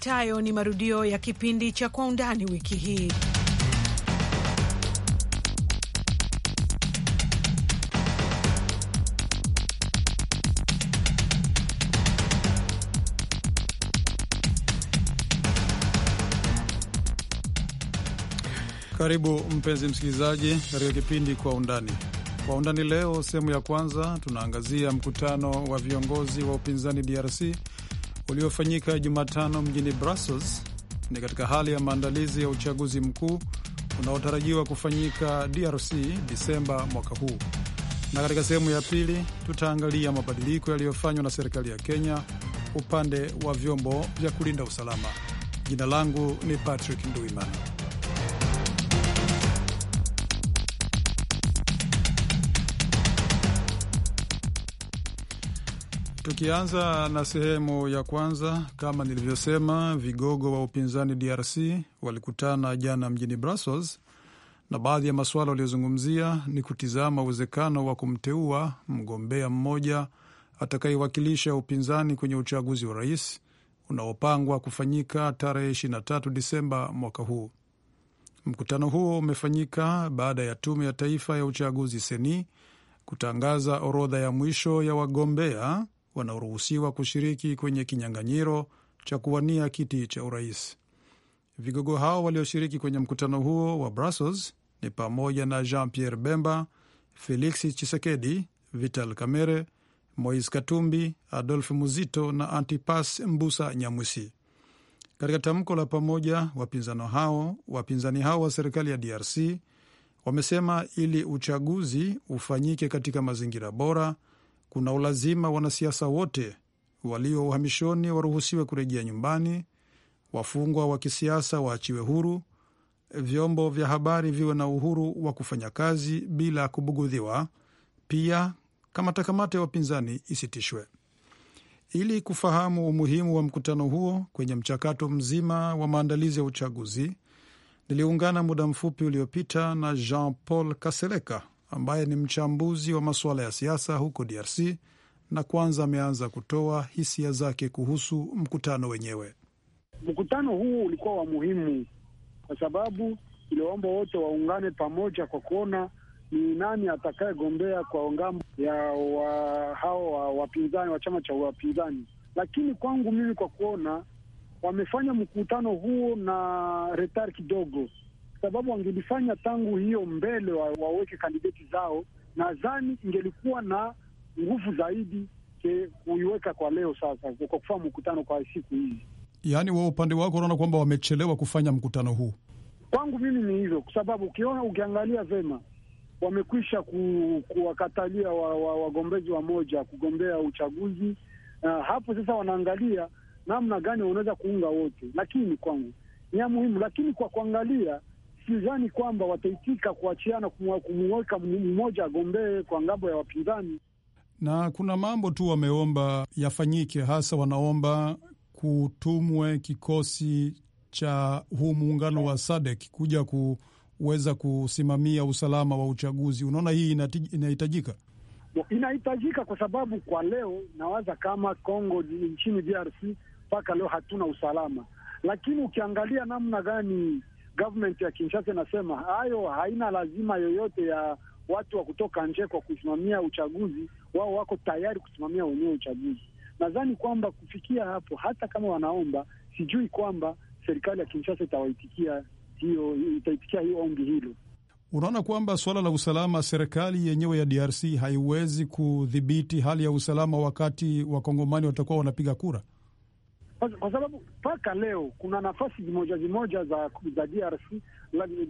Tayo ni marudio ya kipindi cha Kwa Undani wiki hii. Karibu mpenzi msikilizaji, katika kipindi Kwa Undani. Kwa Undani leo, sehemu ya kwanza, tunaangazia mkutano wa viongozi wa upinzani DRC uliofanyika Jumatano mjini Brussels ni katika hali ya maandalizi ya uchaguzi mkuu unaotarajiwa kufanyika DRC Disemba mwaka huu. Na katika sehemu ya pili tutaangalia mabadiliko yaliyofanywa na serikali ya Kenya upande wa vyombo vya kulinda usalama. Jina langu ni Patrick Nduimana. Tukianza na sehemu ya kwanza, kama nilivyosema, vigogo wa upinzani DRC walikutana jana mjini Brussels, na baadhi ya masuala waliyozungumzia ni kutizama uwezekano wa kumteua mgombea mmoja atakayewakilisha upinzani kwenye uchaguzi wa rais unaopangwa kufanyika tarehe 23 Disemba mwaka huu. Mkutano huo umefanyika baada ya tume ya taifa ya uchaguzi seni kutangaza orodha ya mwisho ya wagombea wanaoruhusiwa kushiriki kwenye kinyang'anyiro cha kuwania kiti cha urais. Vigogo hao walioshiriki kwenye mkutano huo wa Brussels ni pamoja na Jean Pierre Bemba, Felix chisekedi Vital Kamerhe, mois Katumbi, Adolf Muzito na Antipas Mbusa Nyamwisi. Katika tamko la pamoja, wapinzano hao wapinzani hao wa serikali ya DRC wamesema ili uchaguzi ufanyike katika mazingira bora kuna ulazima wanasiasa wote walio uhamishoni waruhusiwe kurejea nyumbani, wafungwa wa kisiasa waachiwe huru, vyombo vya habari viwe na uhuru wa kufanya kazi bila kubugudhiwa. Pia kamatakamata ya wapinzani isitishwe. Ili kufahamu umuhimu wa mkutano huo kwenye mchakato mzima wa maandalizi ya uchaguzi, niliungana muda mfupi uliopita na Jean Paul Kaseleka, ambaye ni mchambuzi wa masuala ya siasa huko DRC, na kwanza ameanza kutoa hisia zake kuhusu mkutano wenyewe. Mkutano huu ulikuwa wa muhimu kwa sababu iliwaomba wote waungane pamoja kwa kuona ni nani atakayegombea kwa ngambo ya wa, hao wa wapinzani wa chama cha wapinzani. Lakini kwangu mimi, kwa kuona wamefanya mkutano huo na retar kidogo, sababu wangelifanya tangu hiyo mbele wa, waweke kandideti zao, nadhani ingelikuwa na nguvu zaidi kuiweka kwa leo sasa, kwa kufanya mkutano kwa siku hizi. Yaani wa upande wako unaona kwamba wamechelewa kufanya mkutano huu? Kwangu mimi ni hivyo, kwa sababu ukiona, ukiangalia vema wamekwisha ku, kuwakatalia wagombezi wa, wa wamoja kugombea uchaguzi uh, hapo sasa wanaangalia namna gani wanaweza kuunga wote, lakini kwangu ni ya muhimu, lakini kwa kuangalia sidhani kwamba wataitika kuachiana kumuweka mmoja agombee kwa ngambo ya wapinzani, na kuna mambo tu wameomba yafanyike, hasa wanaomba kutumwe kikosi cha huu muungano wa SADC kuja kuweza kusimamia usalama wa uchaguzi. Unaona, hii inahitajika inahitajika kwa sababu kwa leo nawaza kama Congo nchini DRC mpaka leo hatuna usalama, lakini ukiangalia namna gani government ya Kinshasa inasema hayo haina lazima yoyote ya watu wa kutoka nje kwa kusimamia uchaguzi. Wao wako tayari kusimamia wenyewe uchaguzi. Nadhani kwamba kufikia hapo, hata kama wanaomba, sijui kwamba serikali ya Kinshasa itawaitikia hiyo, itaitikia hiyo ombi hilo. Unaona kwamba suala la usalama, serikali yenyewe ya DRC haiwezi kudhibiti hali ya usalama wakati wakongomani watakuwa wanapiga kura kwa sababu mpaka leo kuna nafasi zimoja zimoja za, za DRC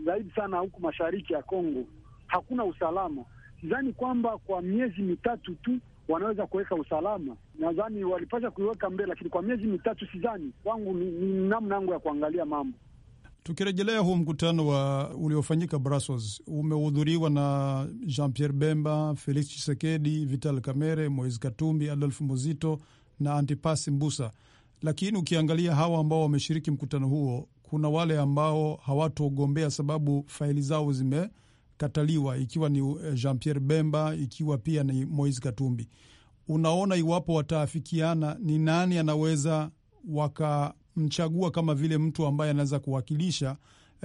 zaidi sana huku mashariki ya Kongo hakuna usalama. Sidhani kwamba kwa miezi mitatu tu wanaweza kuweka usalama. Nadhani walipasha kuiweka mbele, lakini kwa miezi mitatu sidhani. Kwangu ni, ni namna yangu ya kuangalia mambo. Tukirejelea huu mkutano wa uliofanyika Brussels, umehudhuriwa na Jean Pierre Bemba, Felix chisekedi Vital kamere Moise Katumbi, Adolf Muzito na Antipasi Mbusa. Lakini ukiangalia hawa ambao wameshiriki mkutano huo, kuna wale ambao hawatogombea sababu faili zao zimekataliwa, ikiwa ni eh, Jean Pierre Bemba, ikiwa pia ni Moise Katumbi. Unaona, iwapo wataafikiana, ni nani anaweza wakamchagua kama vile mtu ambaye anaweza kuwakilisha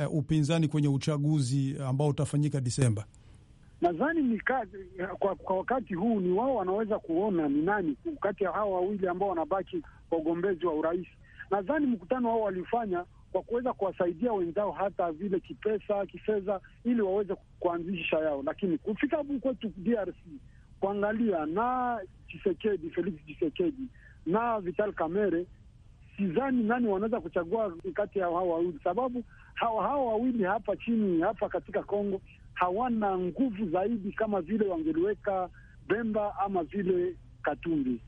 uh, upinzani kwenye uchaguzi eh, ambao utafanyika Disemba. Nadhani ni kazi kwa, kwa wakati huu ni wao wanaweza kuona ni nani kati ya hawa wawili ambao wanabaki kwa ugombezi wa urais. Nadhani mkutano wao walifanya kwa kuweza kuwasaidia wenzao hata vile kipesa, kifedha, ili waweze kuanzisha yao, lakini kufika huku kwetu DRC kuangalia na Chisekedi, Felix Chisekedi na Vital Kamere, sidhani nani wanaweza kuchagua kati ya hao wawili, sababu hawa hawa wawili hapa chini hapa katika Kongo hawana nguvu zaidi kama vile wangeliweka Bemba ama vile Katumbi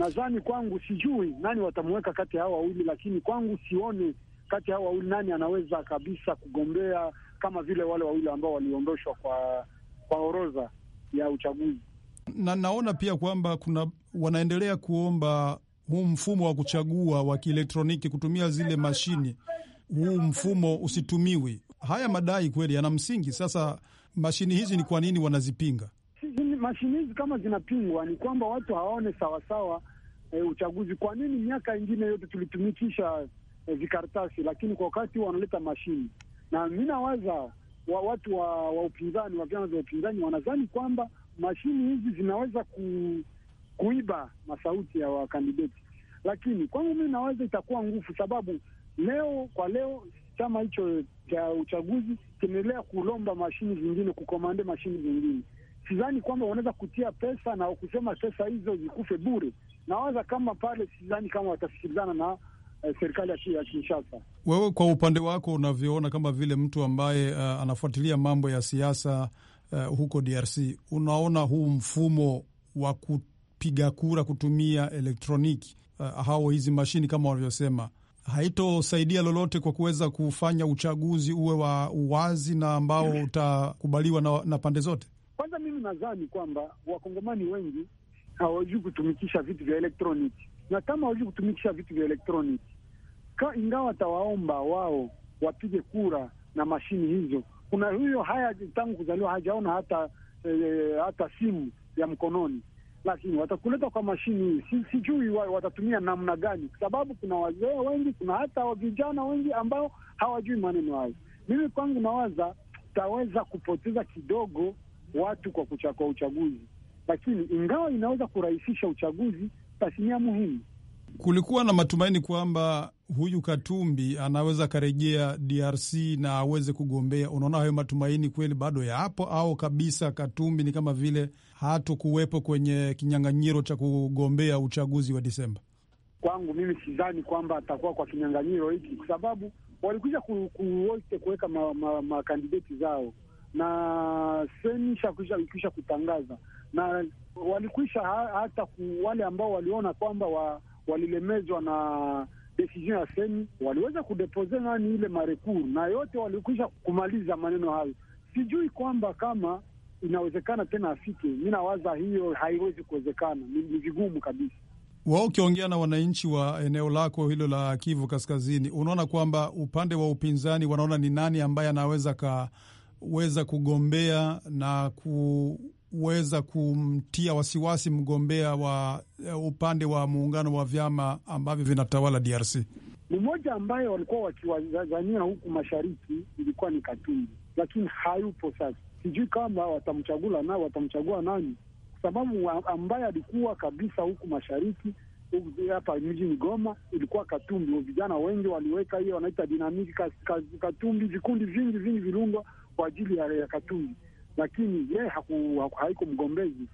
nadhani kwangu, sijui nani watamuweka kati ya hao wawili, lakini kwangu sione kati ya hao wawili nani anaweza kabisa kugombea kama vile wale wawili ambao waliondoshwa kwa kwa orodha ya uchaguzi. Na naona pia kwamba kuna wanaendelea kuomba huu mfumo wa kuchagua wa kielektroniki kutumia zile mashine, huu mfumo usitumiwi. Haya madai kweli yana msingi. Sasa mashine hizi ni kwa nini wanazipinga? mashini hizi kama zinapingwa, ni kwamba watu hawaone sawasawa e, eh, uchaguzi. Kwa nini miaka ingine yote tulitumikisha e, vikaratasi, lakini kwa wakati huo wanaleta mashini? Na mi nawaza wa, watu wa, wa upinzani wa vyama vya upinzani wanadhani kwamba mashini hizi zinaweza ku, kuiba masauti ya wakandideti, lakini kwangu mi nawaza itakuwa nguvu, sababu leo kwa leo chama hicho cha uchaguzi kinaendelea kulomba mashini zingine, kukomande mashini zingine sidhani kwamba wanaweza kutia pesa na kusema pesa hizo zikufe bure. Nawaza kama pale, sidhani kama watasikilizana na eh, serikali ya Kinshasa. Wewe kwa upande wako unavyoona kama vile mtu ambaye uh, anafuatilia mambo ya siasa uh, huko DRC, unaona huu mfumo wa kupiga kura kutumia elektroniki uh, hao hizi mashini kama wanavyosema haitosaidia lolote kwa kuweza kufanya uchaguzi uwe wa uwazi na ambao utakubaliwa na, na pande zote. Kwanza mimi nadhani kwamba wakongomani wengi hawajui kutumikisha vitu vya elektroniki, na kama hawajui kutumikisha vitu vya elektroniki, ingawa watawaomba wao wapige kura na mashini hizo, kuna huyo haya tangu kuzaliwa hajaona hata e, hata simu ya mkononi, lakini watakuleta kwa mashini hii si, sijui watatumia namna gani, kwa sababu kuna wazee wengi, kuna hata vijana wengi ambao hawajui maneno hayo. Mimi kwangu nawaza taweza kupoteza kidogo watu kwa kuchakua uchaguzi, lakini ingawa inaweza kurahisisha uchaguzi, tasnia muhimu. Kulikuwa na matumaini kwamba huyu Katumbi anaweza akarejea DRC na aweze kugombea. Unaona, hayo matumaini kweli bado yapo au kabisa Katumbi ni kama vile kuwepo kwenye kinyang'anyiro cha kugombea uchaguzi wa Disemba? Kwangu mimi sidhani kwamba atakuwa kwa kinyang'anyiro hiki, kwa sababu kuwote kuweka makandideti ma, ma zao na seni ikisha kutangaza na walikwisha hata ku wale ambao waliona kwamba wa, walilemezwa na decision ya seni waliweza kudepose nani ile marekuru na yote walikwisha kumaliza maneno hayo. Sijui kwamba kama inawezekana tena afike. Mi nawaza hiyo haiwezi kuwezekana, ni vigumu kabisa. Wao ukiongea na wananchi wa eneo lako hilo la Kivu Kaskazini, unaona kwamba upande wa upinzani wanaona ni nani ambaye anaweza ka kuweza kugombea na kuweza kumtia wasiwasi mgombea wa eh, upande wa muungano wa vyama ambavyo vinatawala DRC? Ni moja ambayo walikuwa wakiwazania huku mashariki, ilikuwa ni Katumbi, lakini hayupo sasa. Sijui kama watamchagula nao, watamchagua nani, kwa sababu ambaye alikuwa kabisa huku mashariki hapa mjini Goma ilikuwa Katumbi. Vijana wengi waliweka hiyo wanaita dinamiki Katumbi, vikundi vingi vingi viliundwa kwa ajili ya, ya Katui, lakini yeye haiko mgombezi.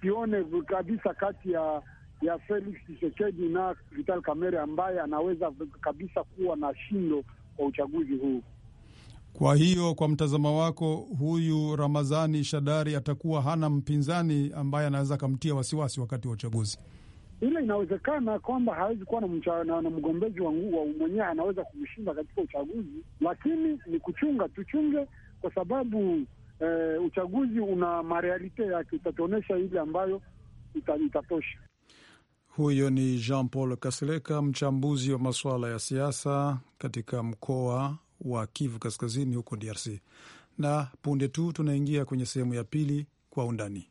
Sione kabisa kati ya ya Felix Tshisekedi na Vital Kamerhe ambaye anaweza kabisa kuwa na shindo kwa uchaguzi huu. Kwa hiyo kwa mtazamo wako, huyu Ramazani Shadari atakuwa hana mpinzani ambaye anaweza akamtia wasiwasi wakati wa uchaguzi. Ile inawezekana kwamba hawezi kuwa na, na, na mgombezi wa mwenyewe anaweza kumshinda katika uchaguzi, lakini ni kuchunga tuchunge kwa sababu eh, uchaguzi una marealite yake, utatuonyesha ile ambayo ita, itatosha. Huyo ni Jean Paul Kaseleka, mchambuzi wa masuala ya siasa katika mkoa wa Kivu Kaskazini huko DRC. Na punde tu tunaingia kwenye sehemu ya pili kwa undani.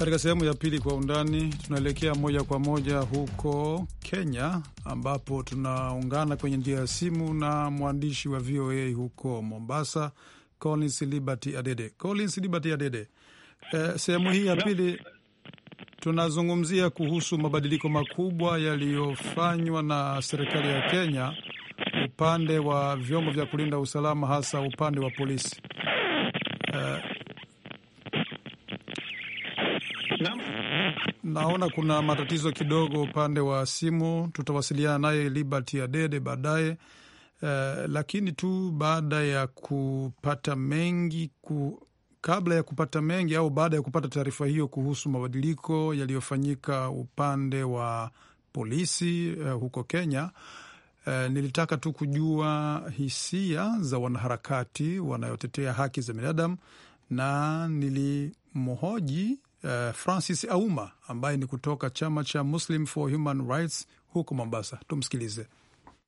Katika sehemu ya pili kwa undani, tunaelekea moja kwa moja huko Kenya, ambapo tunaungana kwenye njia ya simu na mwandishi wa VOA huko Mombasa, Collins Liberty Adede. Collins Liberty Adede, eh, sehemu hii ya pili tunazungumzia kuhusu mabadiliko makubwa yaliyofanywa na serikali ya Kenya upande wa vyombo vya kulinda usalama, hasa upande wa polisi. Eh, naona kuna matatizo kidogo upande wa simu, tutawasiliana naye Liberty Adede baadaye. Uh, lakini tu baada ya kupata mengi ku, kabla ya kupata mengi au baada ya kupata taarifa hiyo kuhusu mabadiliko yaliyofanyika upande wa polisi uh, huko Kenya uh, nilitaka tu kujua hisia za wanaharakati wanayotetea haki za binadamu na nilimhoji Eh, Francis Auma ambaye ni kutoka chama cha Muslim for Human Rights huko Mombasa. Tumsikilize.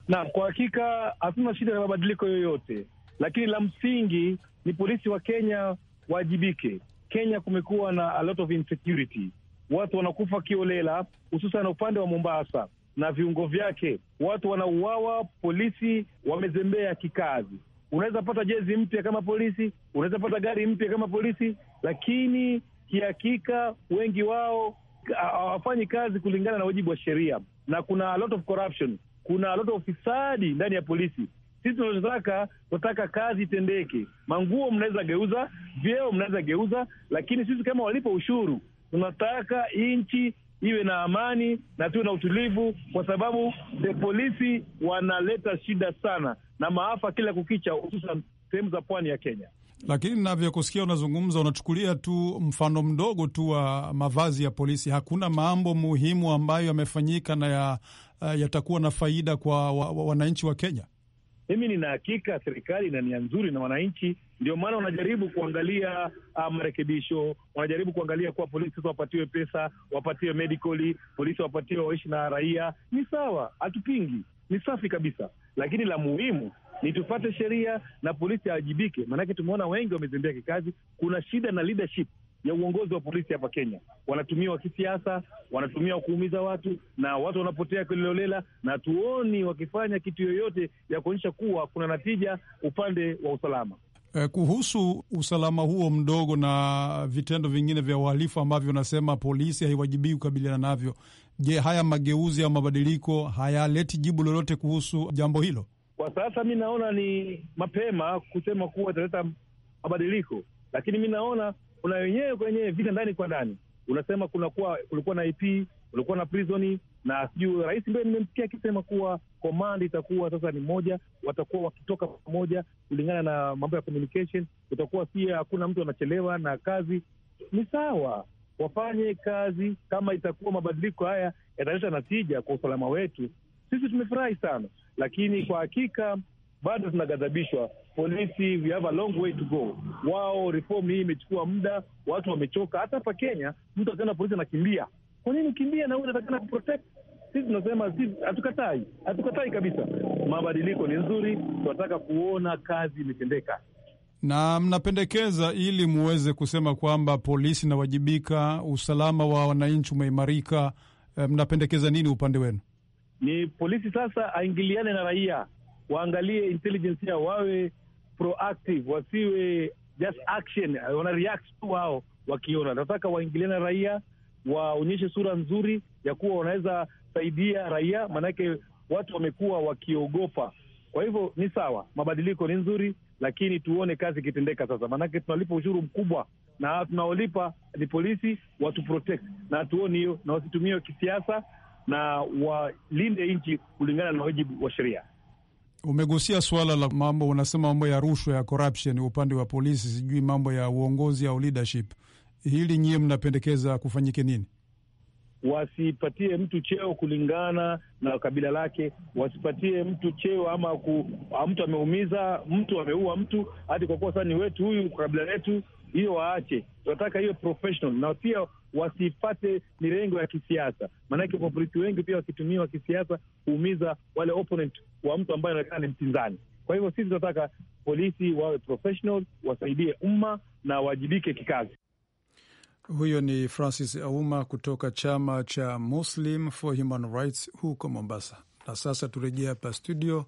Naam, kwa hakika hatuna shida na mabadiliko yoyote, lakini la msingi ni polisi wa Kenya waajibike. Kenya kumekuwa na a lot of insecurity, watu wanakufa kiolela, hususan upande wa Mombasa na viungo vyake, watu wanauawa, polisi wamezembea kikazi. Unaweza pata jezi mpya kama polisi, unaweza pata gari mpya kama polisi, lakini kihakika wengi wao hawafanyi kazi kulingana na wajibu wa sheria, na kuna a lot of corruption, kuna a lot of ufisadi ndani ya polisi. Sisi tunachotaka tunataka kazi itendeke. Manguo mnaweza geuza, vyeo mnaweza geuza, lakini sisi kama walipo ushuru tunataka nchi iwe na amani na tuwe na utulivu, kwa sababu the polisi wanaleta shida sana na maafa kila kukicha, hususan sehemu za pwani ya Kenya. Lakini navyokusikia unazungumza, unachukulia tu mfano mdogo tu wa mavazi ya polisi. Hakuna mambo muhimu ambayo yamefanyika na ya, eh, yatakuwa na faida kwa wananchi wa, wananchi wa Kenya. Mimi nina hakika serikali ina nia nzuri na wananchi, ndio maana wanajaribu kuangalia uh, marekebisho. Wanajaribu kuangalia kuwa polisi sasa wapatiwe pesa, wapatiwe medically, polisi wapatiwe waishi na raia. Ni sawa, hatupingi, ni safi kabisa, lakini la muhimu ni tupate sheria na polisi awajibike, maanake tumeona wengi wamezembea kikazi. Kuna shida na leadership ya uongozi wa polisi hapa Kenya, wanatumiwa kisiasa, wanatumiwa kuumiza watu na watu wanapotea kiholela, na tuoni wakifanya kitu yoyote ya kuonyesha kuwa kuna natija upande wa usalama. Eh, kuhusu usalama huo mdogo na vitendo vingine vya uhalifu ambavyo unasema polisi haiwajibiki kukabiliana navyo, je, haya mageuzi au mabadiliko hayaleti jibu lolote kuhusu jambo hilo? Kwa sasa mi naona ni mapema kusema kuwa italeta mabadiliko, lakini mi naona kuna wenyewe kwenyewe vita ndani kwa ndani. Unasema kunakuwa kulikuwa na IP, kulikuwa na prisoni na sijui rais ndio nimemsikia akisema kuwa komandi itakuwa sasa ni moja, watakuwa wakitoka pamoja kulingana na mambo ya communication. Utakuwa pia hakuna mtu anachelewa na kazi ni sawa, wafanye kazi. Kama itakuwa mabadiliko haya yataleta natija kwa usalama wetu, sisi tumefurahi sana lakini kwa hakika bado tunagadhabishwa Polisi, we have a long way to go. Wao reform hii imechukua muda, watu wamechoka. Hata hapa Kenya mtu akiona polisi anakimbia, kwa nini kimbia? Na huyu anatakana sisi tunasema hatukatai, hatukatai kabisa. Mabadiliko ni nzuri, tunataka kuona kazi imetendeka. Na mnapendekeza ili muweze kusema kwamba polisi inawajibika, usalama wa wananchi umeimarika, eh, mnapendekeza nini upande wenu? Ni polisi sasa aingiliane na raia, waangalie intelligence yao, wawe proactive, wasiwe just action, wana react tu wao wakiona. Nataka waingiliane na raia, waonyeshe sura nzuri ya kuwa wanaweza saidia raia, maanake watu wamekuwa wakiogopa. Kwa hivyo ni sawa, mabadiliko ni nzuri, lakini tuone kazi ikitendeka sasa, maanake tunalipa ushuru mkubwa na tunaolipa ni polisi watu protect na hatuoni hiyo, na wasitumie kisiasa na walinde nchi kulingana na wajibu wa sheria. Umegusia suala la mambo, unasema mambo ya rushwa ya corruption upande wa polisi, sijui mambo ya uongozi au leadership. Hili nyie mnapendekeza kufanyike nini? Wasipatie mtu cheo kulingana na kabila lake, wasipatie mtu cheo ama ku, mtu ameumiza mtu, ameua mtu, hati kwa kuwa sasa ni wetu huyu, kabila letu hiyo, waache. Tunataka hiyo professional, na pia wasipate mirengo ya kisiasa, maanake populisti wengi pia wakitumiwa kisiasa huumiza wale opponent wa mtu ambaye anaonekana ni mpinzani. Kwa hivyo sisi tunataka polisi wawe professional, wasaidie umma na wajibike kikazi. Huyo ni Francis Auma kutoka chama cha Muslim for Human Rights huko Mombasa. Na sasa turejea hapa studio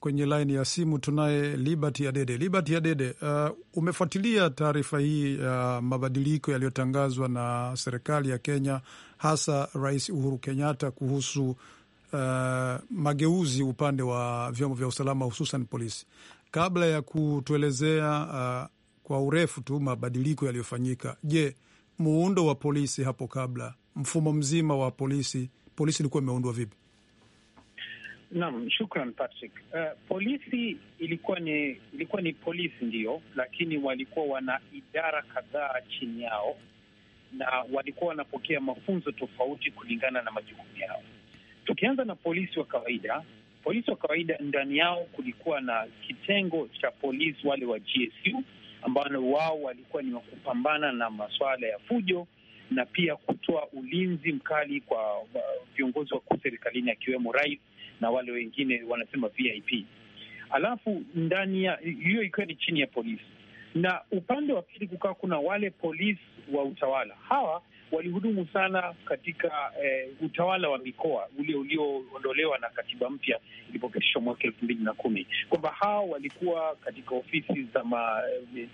Kwenye laini ya simu tunaye Liberty Adede. Liberty Adede, uh, umefuatilia taarifa hii ya uh, mabadiliko yaliyotangazwa na serikali ya Kenya, hasa Rais Uhuru Kenyatta kuhusu uh, mageuzi upande wa vyombo vya usalama, hususan polisi. Kabla ya kutuelezea uh, kwa urefu tu mabadiliko yaliyofanyika, je, muundo wa polisi hapo kabla, mfumo mzima wa polisi, polisi ilikuwa imeundwa vipi? Naam, shukran Patrick. Uh, polisi ilikuwa ni ilikuwa ni polisi ndiyo, lakini walikuwa wana idara kadhaa chini yao na walikuwa wanapokea mafunzo tofauti kulingana na majukumu yao. Tukianza na polisi wa kawaida, polisi wa kawaida ndani yao kulikuwa na kitengo cha polisi wale wa GSU ambao wao walikuwa ni wakupambana na masuala ya fujo na pia kutoa ulinzi mkali kwa viongozi wakuu serikalini akiwemo rais na wale wengine wanasema VIP. Alafu ndani ya hiyo ikiwa ni chini ya polisi, na upande wa pili kukawa kuna wale polisi wa utawala. Hawa walihudumu sana katika eh, utawala wa mikoa ule ulioondolewa na katiba mpya ilipopitishwa mwaka elfu mbili na kumi kwamba hawa walikuwa katika ofisi za ma, eh,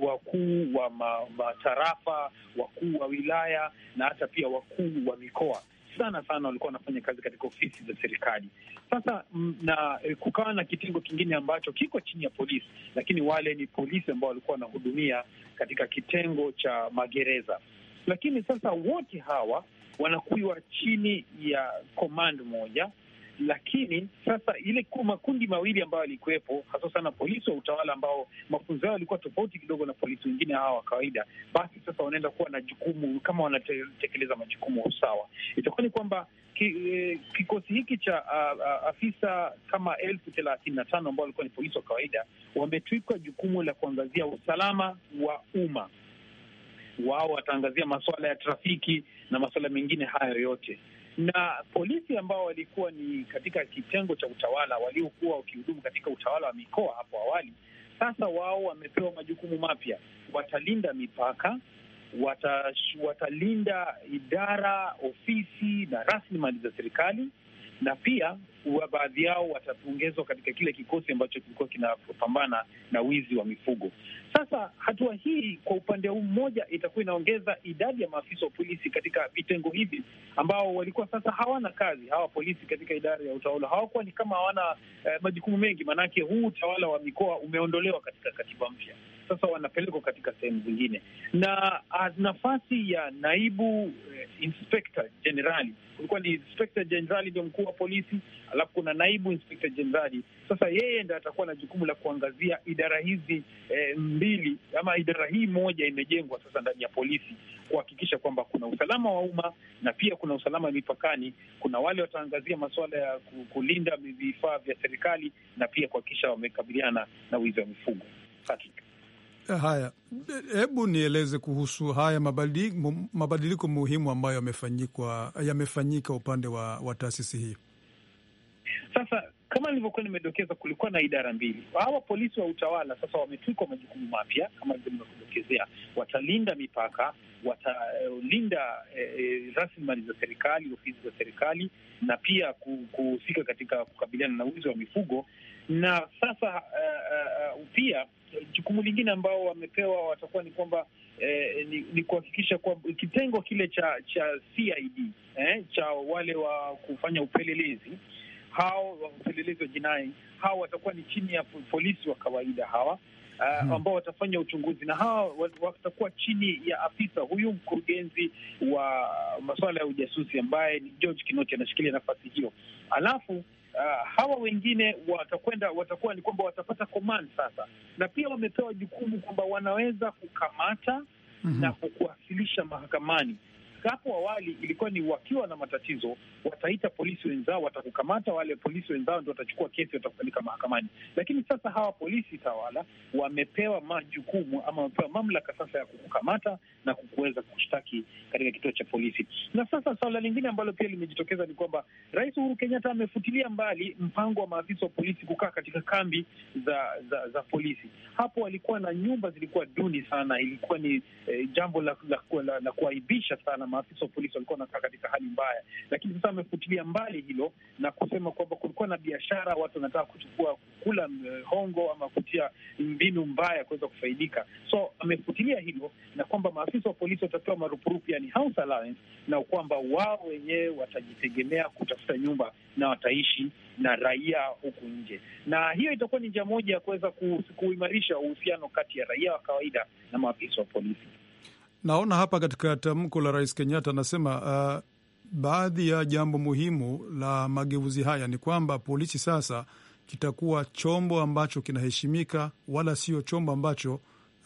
wakuu eh, wa, wa wa ma, matarafa wakuu wa wilaya na hata pia wakuu wa mikoa sana sana walikuwa wanafanya kazi katika ofisi za serikali. Sasa na eh, kukawa na kitengo kingine ambacho kiko chini ya polisi, lakini wale ni polisi ambao walikuwa wanahudumia katika kitengo cha magereza. Lakini sasa wote hawa wanakuiwa chini ya komando moja lakini sasa ile makundi mawili ambayo yalikuwepo hasa sana polisi wa utawala ambao mafunzo yao yalikuwa tofauti kidogo na polisi wengine hawa wa kawaida, basi sasa wanaenda kuwa na jukumu kama wanatekeleza majukumu sawa, itakuwa ni kwamba e, kikosi hiki cha uh, uh, afisa kama elfu thelathini na tano ambao walikuwa ni polisi wa kawaida wametwikwa jukumu la kuangazia usalama wa umma. Wao wataangazia masuala ya trafiki na masuala mengine hayo yote na polisi ambao walikuwa ni katika kitengo cha utawala waliokuwa wakihudumu katika utawala wa mikoa hapo awali, sasa wao wamepewa majukumu mapya. Watalinda mipaka, watash, watalinda idara, ofisi na rasilimali za serikali, na pia baadhi yao watapongezwa katika kile kikosi ambacho kilikuwa kinapambana na wizi wa mifugo. Sasa hatua hii kwa upande huu mmoja itakuwa inaongeza idadi ya maafisa wa polisi katika vitengo hivi ambao walikuwa sasa hawana kazi. Hawa polisi katika idara ya utawala hawakuwa ni kama hawana eh, majukumu mengi, maanake huu utawala wa mikoa umeondolewa katika katiba mpya. Sasa wanapelekwa katika sehemu zingine, na ah, nafasi ya naibu eh, inspekta jenerali, kulikuwa ni inspekta jenerali ndio mkuu wa polisi alafu kuna naibu inspekta jenerali. Sasa yeye ndo atakuwa na jukumu la kuangazia idara hizi e, mbili ama idara hii moja imejengwa sasa ndani ya polisi kuhakikisha kwamba kuna usalama wa umma na pia kuna usalama mipakani. Kuna wale wataangazia masuala ya kulinda vifaa vya serikali na pia kuhakikisha wamekabiliana na wizi wa mifugo. Haya, hebu nieleze kuhusu haya mabadiliko muhimu ambayo yamefanyika upande wa, wa taasisi hii. Sasa kama nilivyokuwa nimedokeza, kulikuwa na idara mbili. Hawa polisi wa utawala sasa wametwikwa majukumu mapya kama nimekudokezea, watalinda mipaka, watalinda eh, eh, rasilimali za serikali, ofisi za serikali, na pia kuhusika katika kukabiliana na wizi wa mifugo. Na sasa uh, uh, pia jukumu lingine ambao wamepewa watakuwa ni kwamba Eh, ni, ni kuhakikisha kwa kitengo kile cha cha CID eh, cha wale wa kufanya upelelezi hao wa upelelezi wa jinai hawa watakuwa ni chini ya polisi wa kawaida hawa uh, hmm, ambao watafanya uchunguzi na hawa watakuwa chini ya afisa huyu mkurugenzi wa masuala ya ujasusi ambaye ni George Kinoti anashikilia nafasi hiyo, alafu Uh, hawa wengine watakwenda watakuwa ni kwamba watapata command sasa, na pia wamepewa jukumu kwamba wanaweza kukamata mm -hmm. na kuwasilisha mahakamani hapo awali ilikuwa ni wakiwa na matatizo wataita polisi wenzao, watakukamata. Wale polisi wenzao ndio watachukua kesi, watakufanika mahakamani. Lakini sasa hawa polisi tawala wamepewa majukumu ama wamepewa mamlaka sasa ya kukukamata na kukuweza kushtaki katika kituo cha polisi. Na sasa suala lingine ambalo pia limejitokeza ni kwamba Rais Uhuru Kenyatta amefutilia mbali mpango wa maafisa wa polisi kukaa katika kambi za, za, za polisi. Hapo walikuwa na nyumba zilikuwa duni sana, ilikuwa ni eh, jambo la, la, la, la, la kuaibisha sana maafisa wa polisi walikuwa wanakaa katika hali mbaya, lakini sasa amefutilia mbali hilo na kusema kwamba kulikuwa na biashara, watu wanataka kuchukua kula eh, hongo ama kutia mbinu mbaya kuweza kufaidika. So amefutilia hilo na kwamba maafisa wa polisi watapewa marupurupu, yani house allowance, na kwamba wao wenyewe watajitegemea kutafuta nyumba na wataishi na raia huku nje, na hiyo itakuwa ni njia moja ya kuweza kuimarisha uhusiano kati ya raia wa kawaida na maafisa wa polisi. Naona hapa katika tamko la Rais Kenyatta anasema uh, baadhi ya jambo muhimu la mageuzi haya ni kwamba polisi sasa kitakuwa chombo ambacho kinaheshimika, wala sio chombo ambacho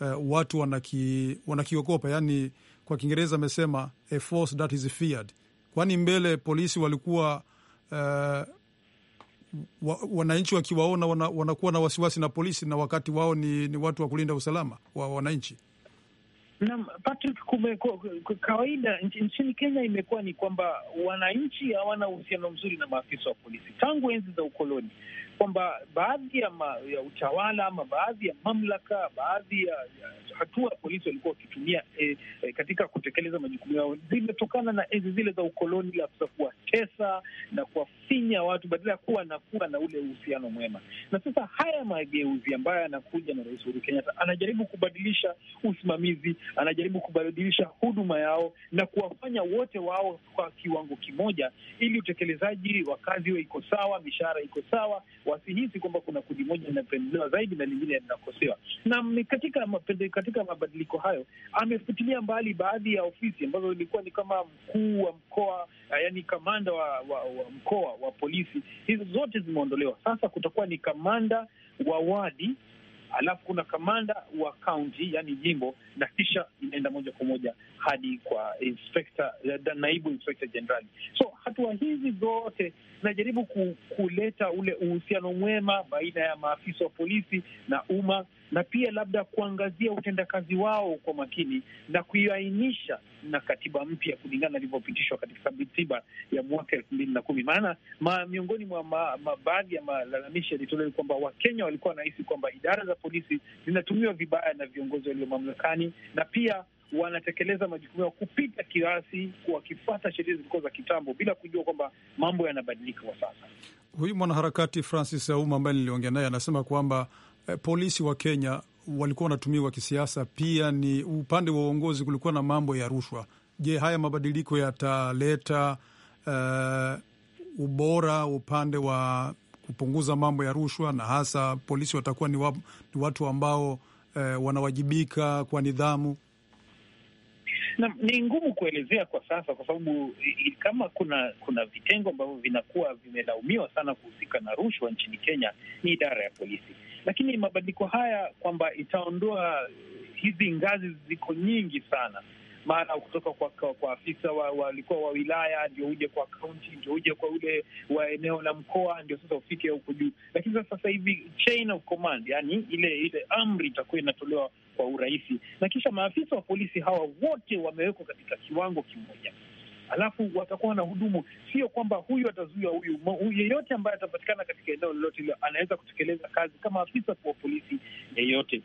uh, watu wanaki, wanakiogopa. Yani kwa Kiingereza amesema a force that is feared, kwani mbele polisi walikuwa uh, wa, wananchi wakiwaona wanakuwa wana na wasiwasi na polisi, na wakati wao ni, ni watu wa kulinda usalama wa wananchi. Naam, Patrick, kawaida nchini Kenya imekuwa ni kwamba wananchi hawana uhusiano mzuri na maafisa wa polisi tangu enzi za ukoloni, kwamba baadhi ya, ma, ya utawala ama baadhi ya mamlaka, baadhi ya, ya hatua polisi walikuwa wakitumia e, e, katika kutekeleza majukumu yao zimetokana na enzi zile za ukoloni la kuwatesa na kuwafinya watu badala ya kuwa na kuwa na ule uhusiano mwema. Na sasa haya mageuzi ambayo yanakuja na Rais Uhuru Kenyatta anajaribu kubadilisha usimamizi, anajaribu kubadilisha huduma yao na kuwafanya wote wao kwa kiwango kimoja, ili utekelezaji wa kazi iko sawa, mishahara iko sawa, wasihisi kwamba kuna kundi moja linapendelewa zaidi na lingine linakosewa na katika, katika katika mabadiliko hayo amefutilia mbali baadhi ya ofisi ambazo ilikuwa ni kama mkuu wa mkoa, yaani kamanda wa, wa, wa mkoa wa polisi. Hizo zote zimeondolewa. Sasa kutakuwa ni kamanda wa wadi alafu kuna kamanda wa kaunti yani jimbo, na kisha inaenda moja kwa moja hadi kwa inspekta, eh, naibu inspekta jenerali. So hatua hizi zote zinajaribu kuleta ule uhusiano mwema baina ya maafisa wa polisi na umma, na pia labda kuangazia utendakazi wao kwa makini na kuiainisha na katiba mpya kulingana ilivyopitishwa katika katiba ya mwaka elfu mbili na kumi. Maana ma, miongoni mwa baadhi ya malalamishi yalitolewa kwamba Wakenya walikuwa wanahisi kwamba idara za polisi zinatumiwa vibaya na viongozi walio mamlakani na pia wanatekeleza majukumu yao kupita kiasi, wakifuata sheria zilikuwa za kitambo bila kujua kwamba mambo yanabadilika kwa sasa. Huyu mwanaharakati Francis Auma ambaye niliongea naye anasema kwamba Eh, polisi wa Kenya walikuwa wanatumiwa kisiasa, pia ni upande wa uongozi, kulikuwa na mambo ya rushwa. Je, haya mabadiliko yataleta uh, ubora upande wa kupunguza mambo ya rushwa, na hasa polisi watakuwa ni, wa, ni watu ambao uh, wanawajibika kwa nidhamu? Na, ni ngumu kuelezea kwa sasa kwa sababu kama kuna kuna vitengo ambavyo vinakuwa vimelaumiwa sana kuhusika na rushwa nchini Kenya ni idara ya polisi. Lakini mabadiliko haya kwamba itaondoa hizi ngazi ziko nyingi sana, mara kutoka kwa, kwa, afisa walikuwa wa, wa wilaya ndio uje kwa kaunti ndio uje kwa ule wa eneo la mkoa ndio sasa ufike huko juu. Lakini sasa hivi chain of command, yani ile ile amri itakuwa inatolewa kwa urahisi, na kisha maafisa wa polisi hawa wote wamewekwa katika kiwango kimoja alafu watakuwa hudumu Sio kwamba huyu atazuia huyu. Yeyote ambaye atapatikana katika eneo lolote hilo anaweza kutekeleza kazi kama afisa wa polisi yeyote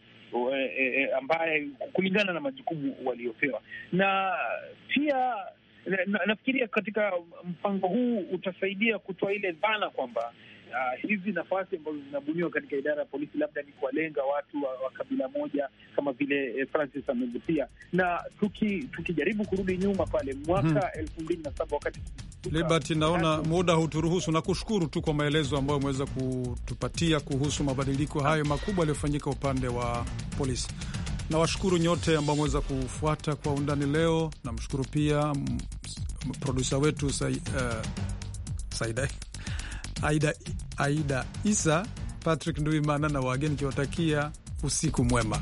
e, e, e, ambaye kulingana na majukumu waliopewa na pia nafikiria katika mpango huu utasaidia kutoa ile dhana kwamba uh, hizi nafasi ambazo zinabuniwa katika idara ya polisi labda ni kuwalenga watu wa, wa kabila moja kama vile eh, Francis amegusia, na tukijaribu tuki kurudi nyuma pale mwaka hmm. elfu mbili na saba wakati Liberty, naona muda huturuhusu na kushukuru tu kwa maelezo ambayo umeweza kutupatia kuhusu mabadiliko hayo makubwa yaliyofanyika upande wa polisi. Nawashukuru nyote ambao ameweza kufuata kwa undani leo. Namshukuru pia produsa wetu eh, Saida. Aida, Aida Isa, Patrick Nduimana na wageni kiwatakia usiku mwema.